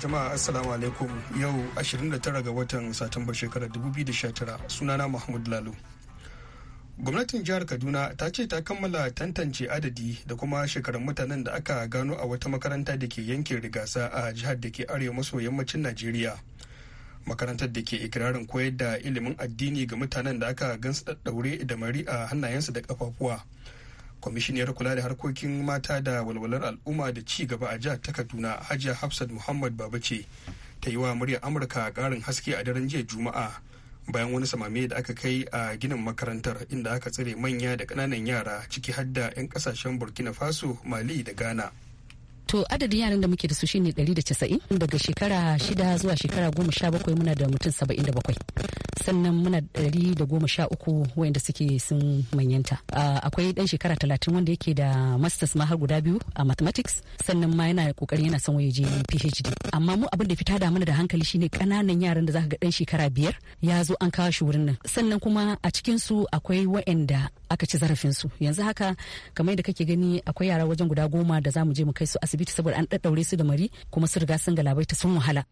jama'a assalamu alaikum yau 29 ga watan satumbar shekarar 2019 sunana mahmud lalo gwamnatin jihar kaduna ta ce ta kammala tantance adadi da kuma shekarun mutanen da aka gano a wata makaranta da ke yankin rigasa a jihar da ke arewa maso yammacin najeriya makarantar da ke ikirarin koyar da ilimin addini ga mutanen da aka gansu daddaure da mari a hannayensu da kafafuwa kwamishiniyar kula da harkokin mata da walwalar al'umma da ci gaba a jihar ta kaduna hajiya hafsat muhammad baba ce ta yi wa murya amurka karin haske a daren jiya juma'a bayan wani samame da aka kai a ginin makarantar inda aka tsare manya da kananan yara ciki har da 'yan kasashen burkina faso mali da ghana to adadin yaran da muke da su shine 190 daga shekara 6 zuwa shekara 17 muna da mutum 77 sannan muna ɗari da goma sha uku wayanda suke sun manyanta akwai ɗan shekara talatin wanda yake da masters ma har guda biyu a mathematics sannan ma yana kokarin yana son waje phd amma mu abin da fita da mana da hankali shine kananan yaran da zaka ga dan shekara biyar ya zo an kawo shi wurin nan sannan kuma a cikin su akwai wayanda aka ci zarafin su yanzu haka kamar da kake gani akwai yara wajen guda goma da za mu je mu kai su asibiti saboda an ɗaɗɗaure su da mari kuma su riga sun ta sun wahala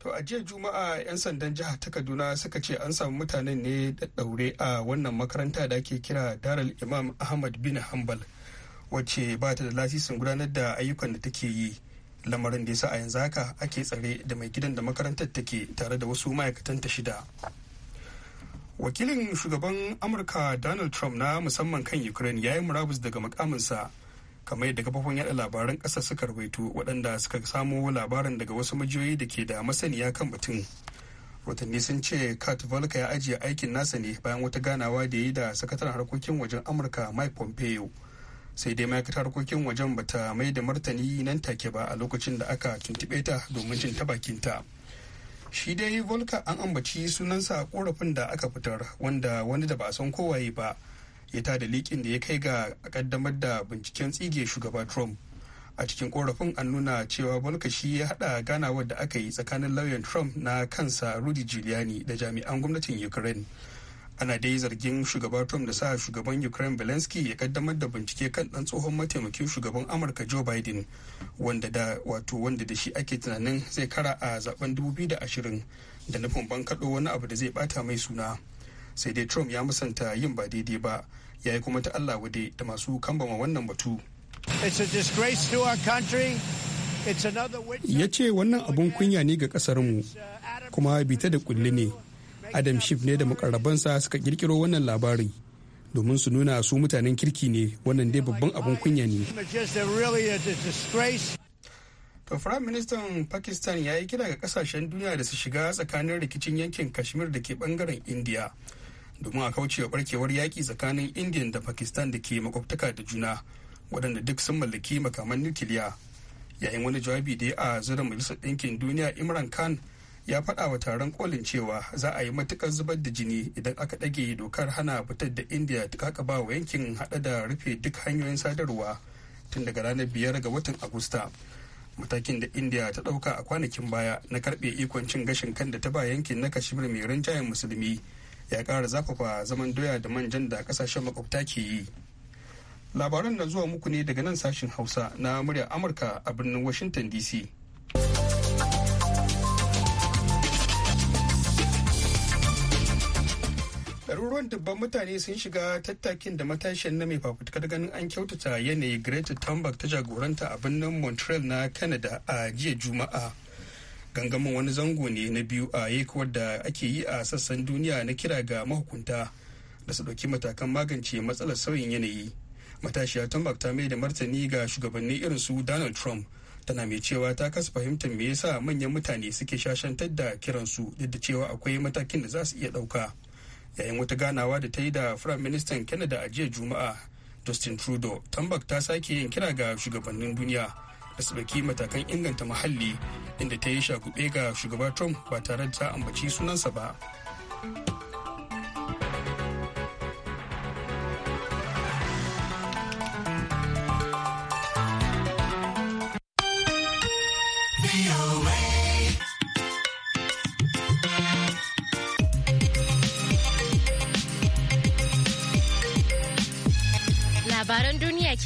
To a jiya Juma'a 'yan sandan jihar ta Kaduna suka ce an samu mutanen ne da daure a wannan makaranta da ake kira daral Imam Ahmad bin Hanbal wacce ba ta da lasisin gudanar da ayyukan da take yi. Lamarin da yasa a yanzu haka ake tsare da mai gidan da makarantar take tare da wasu ma'aikatan ta shida. Wakilin shugaban Amurka Donald Trump na musamman kan Ukraine ya yi murabus daga mukaminsa. kamar yadda kafofin yada labaran kasa suka rawaito waɗanda suka samo labarin daga wasu majiyoyi da ke da masaniya kan batun watanni sun ce kat volka ya ajiye aikin nasa ne bayan wata ganawa da yi da sakataren harkokin wajen amurka mike pompeo sai dai ma'aikatar harkokin wajen bata mai da martani nan take ba a lokacin da aka tuntuɓe ta domin jin ta bakinta shi dai volka an ambaci sunansa korafin da aka fitar wanda wani da ba a san kowaye ba ya tada likin da ya kai ga kaddamar da binciken tsige shugaba trump a cikin korafin an nuna cewa bolka shi ya hada ganawar da aka yi tsakanin lauyan trump na kansa rudy giuliani da jami'an gwamnatin ukraine ana dai zargin shugaba trump da sa shugaban ukraine zelensky ya kaddamar da bincike kan dan tsohon mataimakin shugaban amurka joe biden wanda da wato wanda da shi ake tunanin zai kara a zaben 2020 da nufin bankaɗo wani abu da zai bata mai suna sai dai trump ya musanta yin ba daidai ba ya yi kuma ta allah wade da masu kambama wannan batu ya ce wannan abun kunya ne ga kasarmu kuma bita da kulli ne adam shif ne da makarabansa suka kirkiro wannan labari domin su nuna su mutanen kirki ne wannan dai babban abun kunya ne firayim ministan pakistan ya yi kira ga kasashen duniya da su shiga tsakanin rikicin yankin kashmir da ke bangaren indiya domin a kaucewa barkewar yaƙi tsakanin indiya da pakistan da ke makwabtaka da juna waɗanda duk sun mallaki makaman nukiliya yayin wani jawabi da ya a zura majalisar ɗinkin duniya imran khan ya faɗa wa taron kolin cewa za a yi matukar zubar da jini idan aka ɗage dokar hana fitar da indiya ta ba wa yankin haɗa da rufe duk hanyoyin sadarwa tun daga ranar biyar ga watan agusta matakin da indiya ta ɗauka a kwanakin baya na karɓe ikon cin gashin kan da ta ba yankin na kashmir mai rinjayen musulmi ya ƙara zafafa zaman doya da manjan da kasashen makwabta ke yi labaran na zuwa muku ne daga nan sashen hausa na murya amurka a birnin washington dc ɗaruruwan dubban mutane sun shiga tattakin da matashin na mai fafutukar ganin an kyautata yanayi greta thunberg ta jagoranta a birnin montreal na canada a jiya juma'a gangamin wani zango ne na biyu a yakuwar da ake yi a sassan duniya na kira ga mahukunta da su ɗauki matakan magance matsalar sauyin yanayi matashiya tambak ta mai da martani ga shugabanni irin su donald trump tana mai cewa ta kasa fahimtar me yasa manyan mutane suke shashantar da kiransu duk da cewa akwai matakin da za su iya ɗauka yayin wata ganawa da ta yi da firayim ministan canada a jiya juma'a justin trudeau tambak ta sake yin kira ga shugabannin duniya da su matakan inganta muhalli inda ta yi shagube ga shugaba trump ba tare da ta ambaci sunansa ba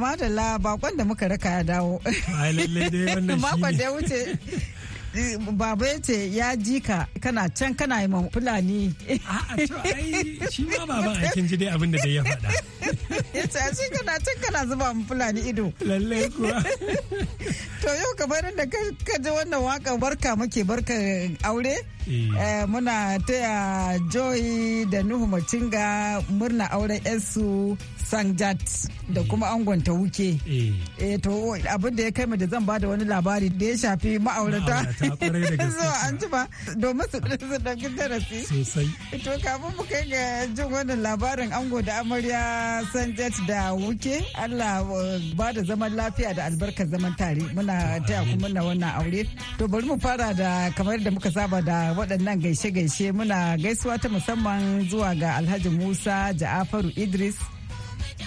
madalla bakon da muka raka ya dawo. Makon da ya wuce baba ya ce ya ji ka kana can kana yi man fulani. A'a to ai shi ma baban aikin ji dai abin da dai ya faɗa. yace shi kana tun kana zuba mu fulani ido lalle kuwa to yau kamar da ka ji wannan waka barka muke barka aure eh. Eh, muna taya joy da nuhu macinga murna auren yansu sanjat da kuma eh. angonta wuke eh to abin da ya kai da zan bada wani labari da ya shafi ma'aurata zuwa an ji ba domin su ɗauki darasi to kafin mu kai ga jin wannan labarin ango da amarya sanjat Elizabeth da wuke Allah uh, ba da zaman lafiya da albarkar zaman tare muna taya ku muna wannan aure. To bari mu fara da kamar da muka saba da waɗannan gaishe-gaishe muna gaisuwa ta musamman zuwa ga Alhaji Musa Ja'afaru Idris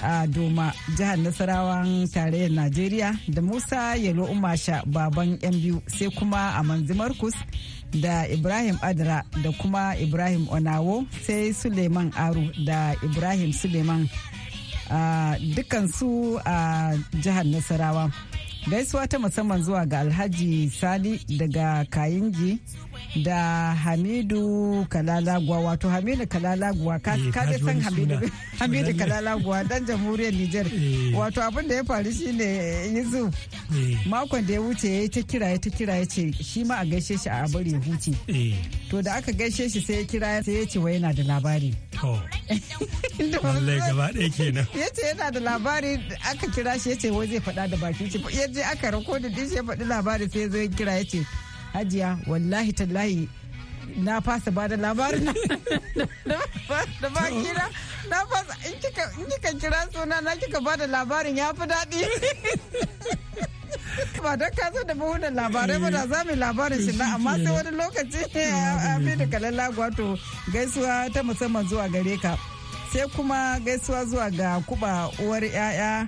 a Doma jihar Nasarawan tarayyar Najeriya da Musa Yalo Umasha baban yan biyu sai kuma a manzi Markus da Ibrahim Adra da kuma Ibrahim Onawo sai Suleiman Aru da Ibrahim Suleiman dukkan su a jihar nasarawa gaisuwa ta musamman zuwa ga alhaji sali daga kayinji da hamidu kalalaguwa wato hamidu kalalaguwa eh, ka dai san hamidu kalalaguwa dan jamhuriyar niger eh. wato abin da ya faru shine yusuf eh. makon da ya wuce ya yi ta kira ya ta kira ya ce shi ma a gaishe shi a bari ya huce to da aka gaishe shi sai ya kira sai ya ce wai yana da labari lallai ya ce yana da labari aka kira shi ya ce wai zai faɗa da baki je aka rikodin da dishe faɗi labarin sai zai kira ya ce hajiya wallahi tallahi na fasa ba da labarin da ba kira na fasa in kika kira suna na kika ba da labarin ya fi daɗi ba don ka da buhunan labarai ba da za mu labarin shi na amma sai wani lokaci a fi da kalalla wato gaisuwa ta musamman zuwa gare ka sai kuma gaisuwa zuwa ga kuba uwar 'ya'ya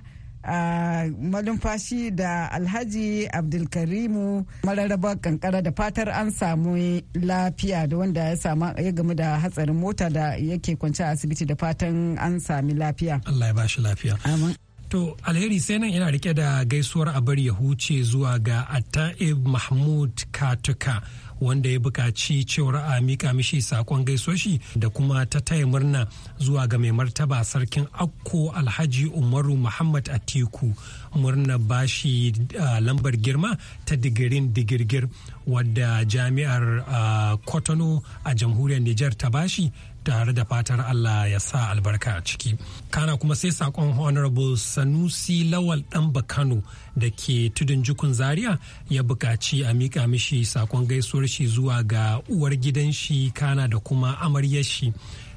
malumfashi da alhaji abdulkarimu mararraba kankara da fatar an samu lafiya da wanda ya samu ya gamu da hatsarin mota da yake kwance a asibiti da fatan an sami lafiya Allah ya shi lafiya amin To alheri sai nan yana rike da gaisuwar a bari ya huce zuwa ga Atta'ib Mahmud Katuka. wanda ya bukaci cewar a mika mishi sakon gaisoshi da kuma ta taya murna zuwa ga mai martaba sarkin akko alhaji umaru muhammad atiku murna bashi lambar girma ta digirin digirgir wadda jami'ar kotono a jamhuriyar nijar ta bashi tare da fatar Allah ya sa albarka a ciki. Kana kuma sai sakon Honorable Sanusi Lawal Dan bakano da ke tudun jukun Zaria ya bukaci a mika mishi sakon gaisuwar shi zuwa ga uwar gidan shi kana da kuma amaryar shi.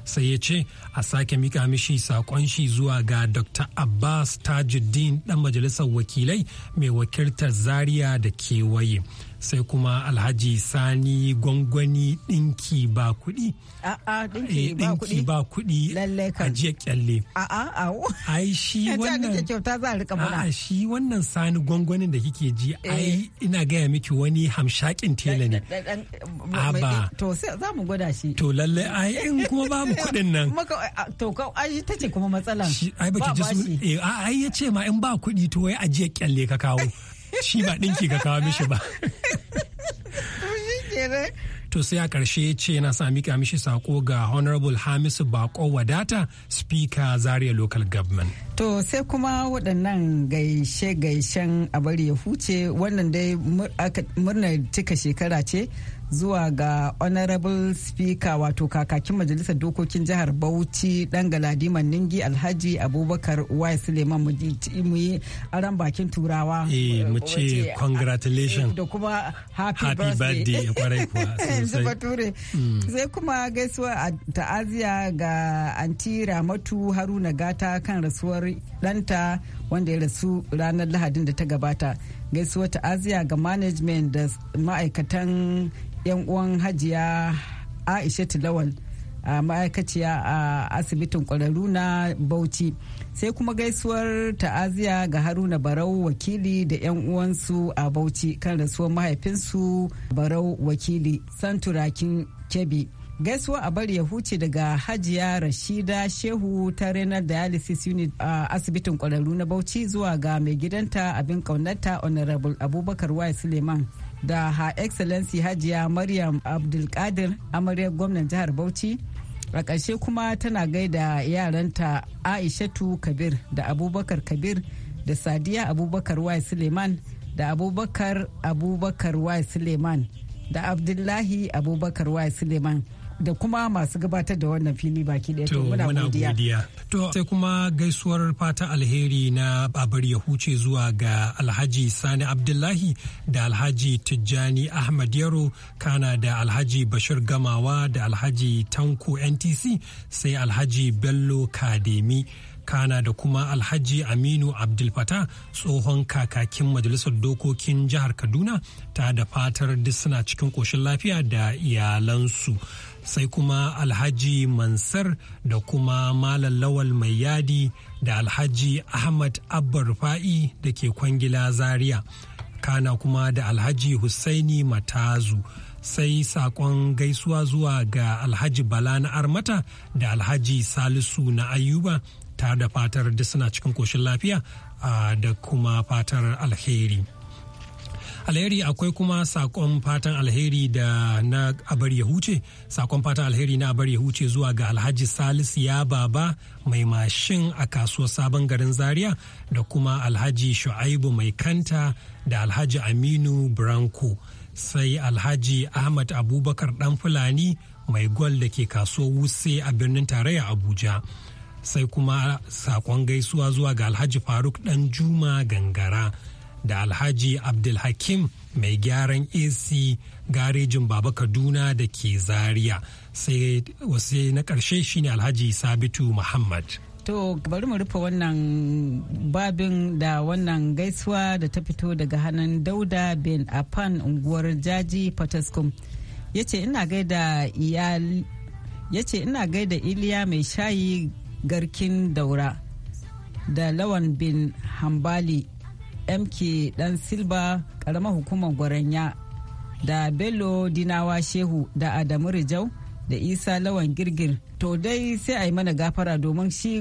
sai ya ce a sake mika mishi sakon shi zuwa ga dr abbas tajuddin dan majalisar wakilai mai wakiltar zaria da kewaye sai kuma alhaji sani gwangwani dinki ba kuɗi a'a dinki eh, ba kuɗi ba kuɗi kyalle a'a shi wannan a'a shi wannan sani gwangwanin da kike ji eh. ai ina gaya miki wani hamshakin tela ne aba to za mu gwada shi to lalle ai in kuma babu kuɗin nan to ai ta ce kuma matsala ba ba shi eh, ai ya ce ma in ba kuɗi to wai ajiya kyalle ka kawo shi ba ɗinki ka kawo mishi ba to sai a ƙarshe ce na sa mika mishi sako ga honorable hamisu bako wadata speaker zaria local government to sai kuma waɗannan gaishe-gaishen a bari ya huce wannan dai murnar cika shekara ce zuwa ga honorable speaker wato kakakin majalisar dokokin jihar bauchi dan galadiman ningi alhaji abubakar y suleiman mu yi aran bakin turawa eh, mu ce congratulations da kuma happy, happy birthday kwarai kuwa sosai hmm. sai kuma gaisuwa ta'aziya ga anti ramatu haruna gata kan rasuwar danta wanda ya rasu ranar lahadin da ta gabata gaisuwa ta'aziya ga management da ma'aikatan yan uwan hajiya aisha tilawal a ma'aikaciya a asibitin kwararru na bauchi sai kuma gaisuwar ta'aziya ga haruna barau wakili da 'yan uwansu a bauchi kan rasuwar mahaifinsu barau wakili santurakin kebi gaisuwa a bari ya huce daga hajiya rashida shehu ta renal dialysis unit a asibitin kwararru na bauchi zuwa ga mai gidanta abin kaunarta honorable abubakar y suleiman da ha excellency hajiya maryam abdulkadir amaryar gwamnan jihar bauchi a ƙarshe kuma tana gaida yaranta aishatu kabir da abubakar kabir da sadiya abubakar y suleiman da abubakar abubakar y suleiman da abdullahi abubakar y suleiman da kuma masu gabatar da wannan fili baki ɗaya to muna godiya to sai kuma gaisuwar fata alheri na babar ya zuwa ga alhaji sani abdullahi da alhaji tijjani ahmad yaro kana da alhaji bashir gamawa da alhaji tanko ntc sai alhaji bello kademi kana da kuma alhaji aminu abdulfata tsohon kakakin majalisar dokokin jihar kaduna ta da fatar duk suna cikin koshin lafiya da iyalansu. sai kuma alhaji mansar da kuma malam lawal mai yadi da alhaji ahmad abbarfa'i fa'i da ke kwangila zaria kana kuma da alhaji hussaini matazu sai sakon gaisuwa zuwa ga alhaji bala na armata da alhaji salisu na ayuba tare da fatar da suna cikin koshin lafiya da kuma fatar alheri. alheri akwai kuma sakon fatan alheri da na abar ya huce sakon fatan alheri na abar huce zuwa ga alhaji salisu ya baba mai mashin a kasuwar sabon garin zaria da kuma alhaji shu'aibu mai kanta da alhaji aminu branko sai alhaji ahmad abubakar dan fulani mai gwal da ke kasuwar wuse a birnin tarayya abuja sai kuma sakon gaisuwa zuwa ga alhaji faruk dan juma gangara da Alhaji Abdulhakim mai gyaran AC garejin Baba Kaduna da ke Zaria. Sai wasu na ƙarshe shine Alhaji Sabitu Muhammad. To bari mu rufe wannan babin da wannan gaisuwa da ta fito daga hannun Dauda bin Afan unguwar Jaji Fataskum. Ya ce ina gaida Iliya mai shayi garkin daura da lawan bin Hambali mk dan silba karamar hukumar gwaranya da bello dinawa shehu da adamu rijau da isa lawan girgir to dai sai a yi mana gafara domin shi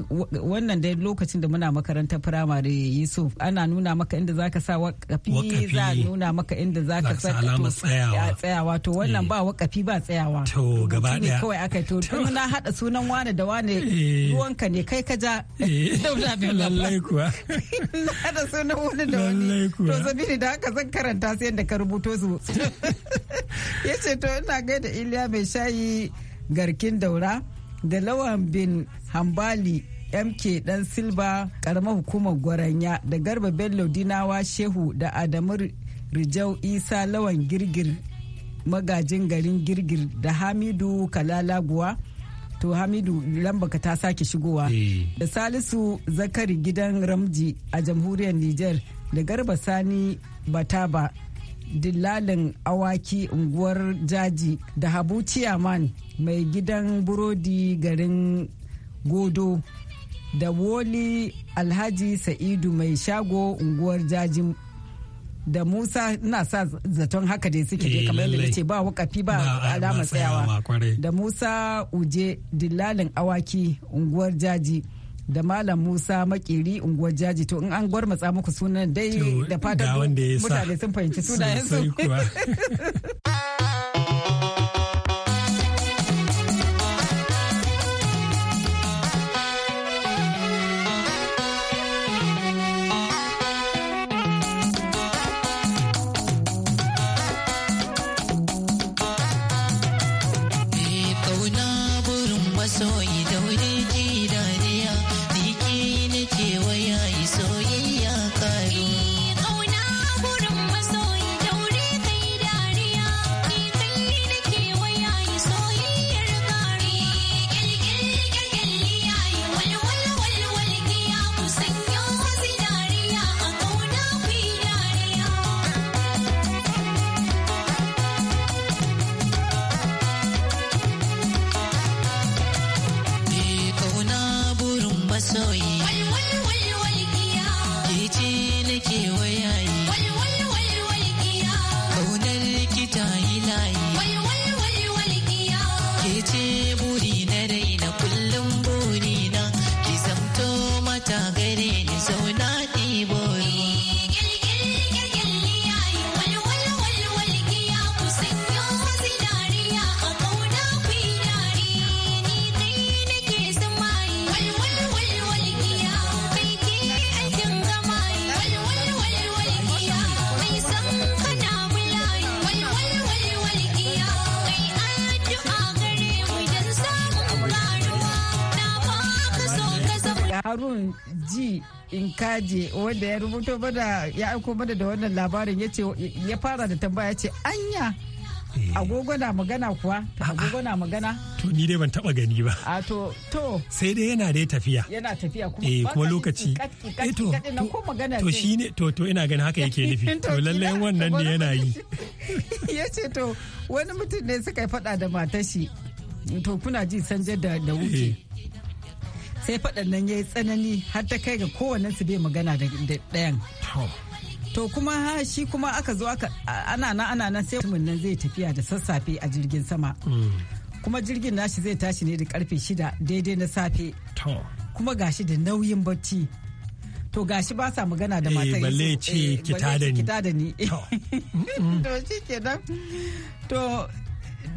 wannan dai lokacin da muna makarantar firamare yusuf ana nuna maka inda zaka sa wakafi za a nuna maka inda zaka sa alamar tsayawa tsayawa to wannan eh. ba wakafi ba tsayawa to gaba ne kawai aka to tun na hada sunan wane da wane eh. ruwanka ne kai ka ja eh. lallai kuwa hada sunan wani da wani to sabili da haka zan karanta sai yadda ka rubuto su ya ce to ina gaida iliya mai shayi garkin daura da lawan bin hambali mk dan silba karamar hukumar gwaranya da garba bello dinawa shehu da adamu rijau isa lawan girgir magajin garin girgir da hamidu kalalaguwa to hamidu lambaka ta sake shigowa eh. da salisu zakari gidan ramji a jamhuriyar niger da garba sani bataba dillalin awaki unguwar jaji da habu man mai gidan burodi garin godo da woli alhaji sa'idu mai shago unguwar jaji da musa ina sa zaton haka dai suke dai eh, kamar yadda ce ba wakafi ba alama tsayawa da musa uje dillalin awaki unguwar jaji da Malam Musa Makiri unguwar Jaji to in an gwarmatsa muku sunan dai da fatan mutane sun fahimci sunayen su. In kaje wanda ya rubuto mana ya aiko mana da wannan labarin ya ce ya fara da tambaya ce anya eh. agogo na magana kuwa agogo na magana to ni dai ban taba gani ba a to to sai dai yana dai tafiya yana tafiya kuma eh kuma lokaci eh to ko magana to shine to to ina ganin haka yake nufi to lalle wannan ne yana yi yace to wani mutum ne suka faɗa da matashi? to kuna ji sanje da da wuce eh. sai faɗan nan ya yi tsanani har ta kai ga kowanne su bai magana da ɗayan to kuma shi kuma aka zo aka ana nan ana nan sai mun nan zai tafiya da sassafe a jirgin sama mm. kuma jirgin nashi zai tashi ne da karfe shida daidai na safe kuma gashi da nauyin bacci to gashi ba sa magana da matan eh, eh, balle ce kita da ni to shi kenan to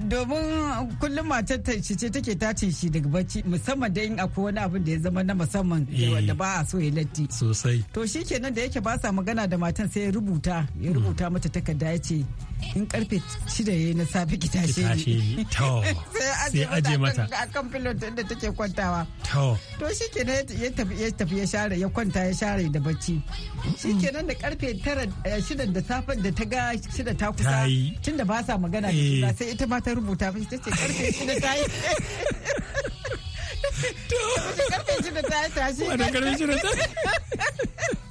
domin kullum matar ta ce take tace shi daga bacci musamman da in akwai wani abin da ya zama na musamman eh. wanda ba a so ya latti sosai to shikenan da yake ba sa magana da matan sai ya rubuta ya rubuta mata takarda ya ce in karfe shida ya yi na safe ki tashe ni sai aje mata a kan pillow da take kwantawa to to shikenan ya tafi ya tafi ya share ya kwanta ya share da bacci shikenan da karfe tara eh, shida da safe da ta ga shida ta kusa tun da ba sa magana da shi eh. sai ita ma ta rubuta mishi ce karfe shida ta yi karfe shida ta yi tashi karfe shida ta yi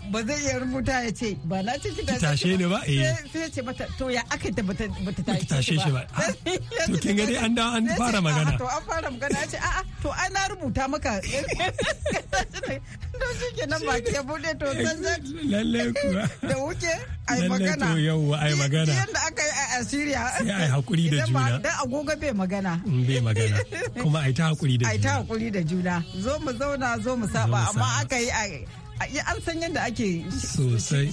ba zai iya rubuta ya ce ba na ce ki tashe ne ba eh sai ce mata to ya aka ta bata bata tashe shi ba to kin gani an da an fara magana to an fara magana ya ce a a to ai na rubuta maka to shi ke nan ba ke bude to san lalle kuwa da wuce ai magana to yau ai magana yanda aka yi a Assyria sai ai hakuri da juna dan agogo bai magana mm, bai magana kuma ai ta hakuri da juna ai ta hakuri da juna zo mu zauna zo mu saba amma aka yi a an san yadda ake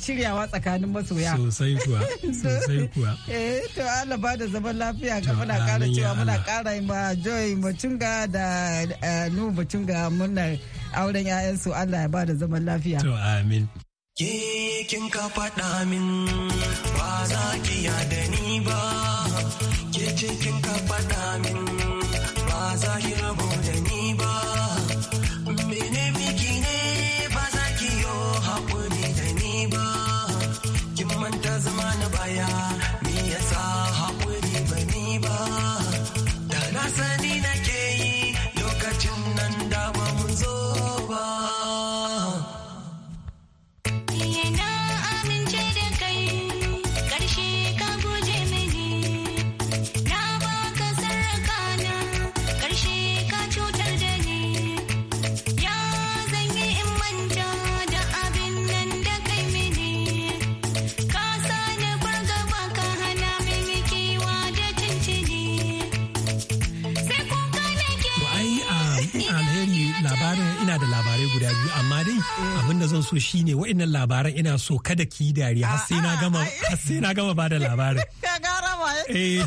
shiryawa tsakanin masoya sosai kuwa sosai kuwa eh to Allah ba da zaman lafiya ga muna kara cewa muna kara ma Joy Mutunga da eh, Nu Mutunga muna auren 'ya'yansu Allah ya ba da zaman lafiya to amin ke kin ka faɗa min ba za ki da ni ba ke kin ka faɗa min ba za ki rabu da ni labarin ina da labarai guda biyu amma dai abinda zan so shine wa'annan labaran ina so kada ki dariya har sai na gama har sai na gama bada labarin eh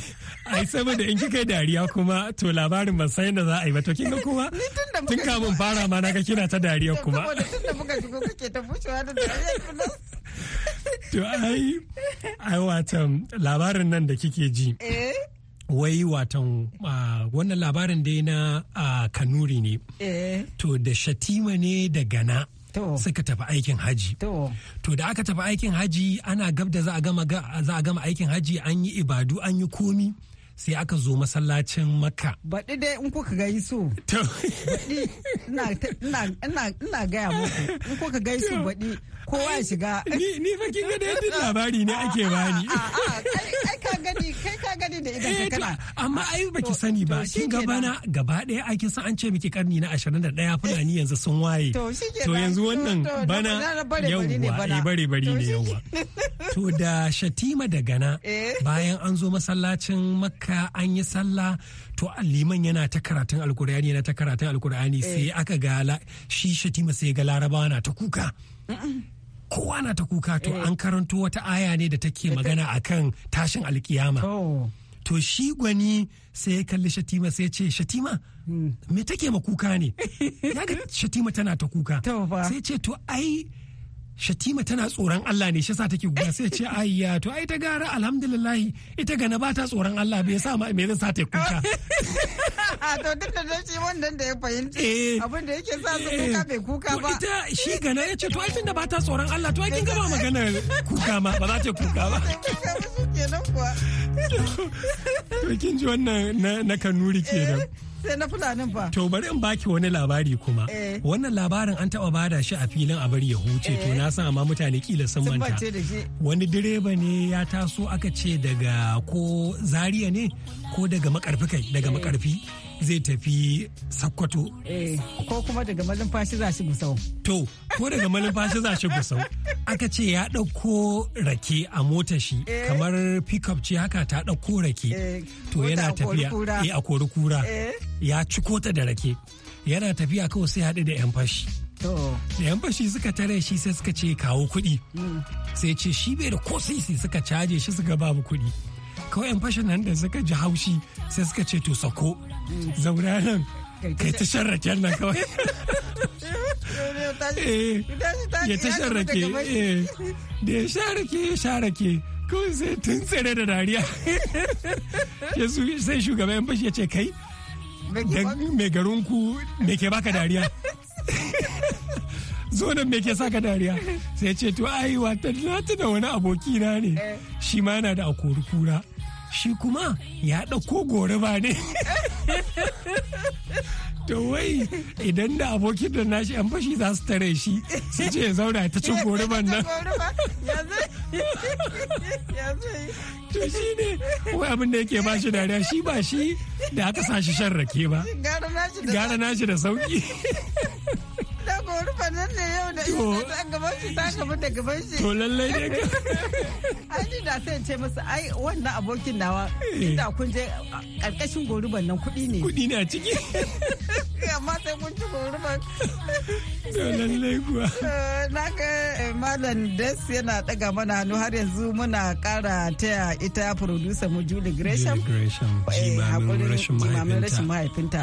ai saboda in kika dariya kuma to labarin ban san yadda za a yi ba to kinga kuma tun kafin fara ma na ga kina ta dariya kuma tun da muka shigo kake ta fushewa da dariya to ai ai watan labarin nan da kike ji eh wai watan wannan labarin dai na kanuri ne eh. to da shatima ne da gana suka tafi aikin haji to da aka tafi aikin haji ana gab da za a gama aikin haji an yi ibadu an yi komi sai aka zo masallacin makka baɗi dai in kuka ga su baɗi ina gaya muku in kuka ga su baɗi kowa ya shiga ni fakin gada yadda labari ne ake bani ah, ah, ah, Eh, kai ka gani da idan ka eh, kana amma ai baki sani ba kin bana gaba daya ake san an ce miki karni na 21 fulani yanzu sun waye to yanzu wannan bana yawwa bare bare ne yawwa eh, to da shatima da gana bayan an zo masallacin makka an yi sallah to liman yana ta karatun alkur'ani yana ta karatun alkur'ani sai aka ga shi shatima sai ga larabawa na ta kuka kowa na ta kuka to eh. an karanto wata aya ne da take magana akan tashin alkiyama to shi gwani sai ya kalli shatima sai ya ce shatima hmm. me take ma kuka ne ya ga shatima tana ta kuka sai ce to ai shatima tana tsoron Allah ne shi sa take guda sai ce ayya to ai ta gara alhamdulillah ita gana ba ta tsoron Allah bai sa me zai sa ta kuka a to duk da shi wannan da ya fahimci eh. abin da yake sa su eh. kuka bai kuka ba ita shi gana ya ce to ai tunda ba ta tsoron Allah to ai kin gaba magana kuka ma ba za ta kuka ba to kin ji wannan na kanuri kenan eh. sai na fulanin ba to bari in baki wani labari kuma eh. wannan labarin an taɓa bada shi a filin a bari ya huce to eh. na san amma mutane kila sun manta wani direba ne ya taso aka ce daga ko zaria ne ko daga makarfi kai daga eh. makarfi zai tafi sakkwato. Eh, ko kuma daga malumfashi za shi gusau. To, ko daga malumfashi za shi gusau. Aka ce ya ɗauko rake a mota shi eh. kamar pickup ce haka ta ɗauko rake. To yana tafiya a kori kura. Ya ciko ta da rake. Yana tafiya kawai sai haɗu da 'yan fashi. da yan fashi suka tare shi sai suka ce kawo kuɗi mm. sai ce shi bai da ko sisi suka caje shi suka babu kuɗi kawai yan fashin nan da suka ji haushi sai suka ce to sako zauna nan kai ta sharrake nan kawai ya ta sharrake da ya sharrake ya sharrake kawai sai tun tsere da dariya sai shugaban yan fashi ya ce kai mai garinku me ke baka dariya zo nan me ke saka dariya sai ce to ai wata na da wani abokina ne shi ma yana da akori kura shi kuma ya ɗauko gore ba ne to wai idan da abokin da nashi yan fashi za su tare shi su ce ya zauna ta cin goriban nan to shi ne wai abin da yake ba shi dariya shi ba shi da aka sa shi shan rake ba gara na shi da sauki da gori fannin ne yau da ita gaban shi ta gaban da gaban shi to lallai ne ka ani da sai ce masa ai wannan abokin nawa eh. inda kun je karkashin goriban nan kuɗi ne kuɗi ne a ciki amma sai kun ci goruban. Lallai kuwa. Eh, na ga eh, Malam Des yana daga mana hannu har yanzu muna kara taya ita producer mu Julie Gresham. Hakurin eh, jimamin rashin mahaifinta.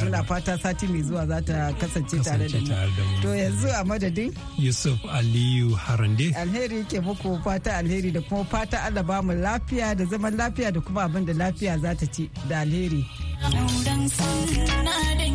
Muna fata sati mai zuwa za ta kasance tare da mu. To yanzu a madadin. Yusuf Aliyu Harande. Alheri ke muku fata alheri da kuma fata Allah ba mu lafiya da zaman lafiya da kuma abin da lafiya za ta ci da alheri. Auren sun na da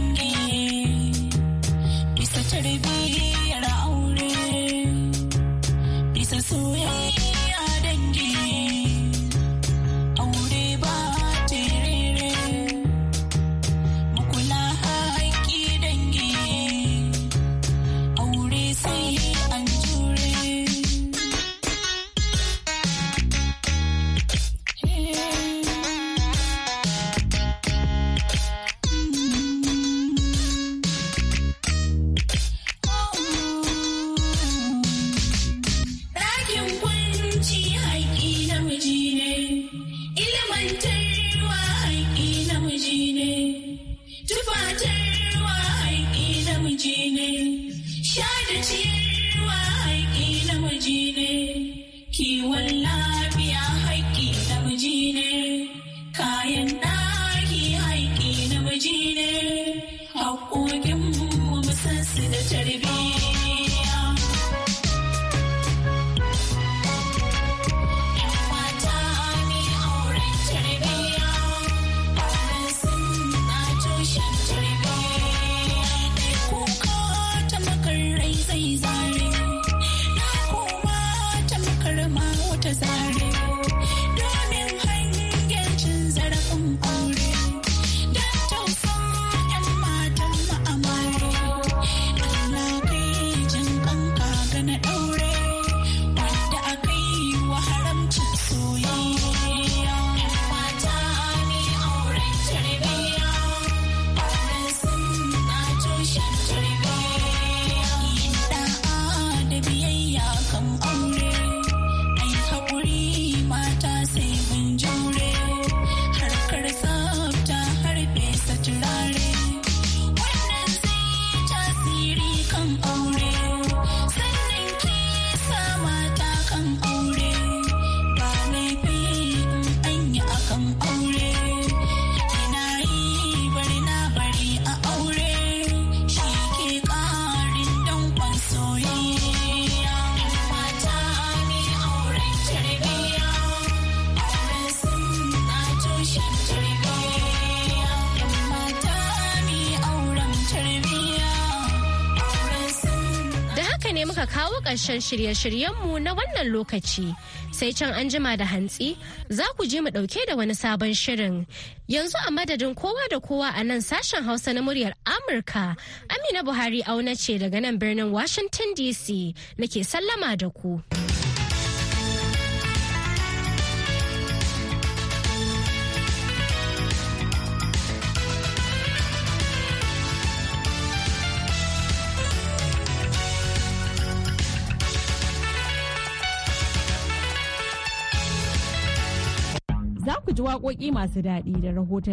ƙarshen shirye shiryen mu na wannan lokaci sai can an jima da hantsi za ku je mu ɗauke da wani sabon shirin yanzu a madadin kowa da kowa a nan sashen hausa na muryar amurka amina buhari auna ce daga nan birnin washington dc nake sallama da ku. ji waƙoƙi masu daɗi da rahoton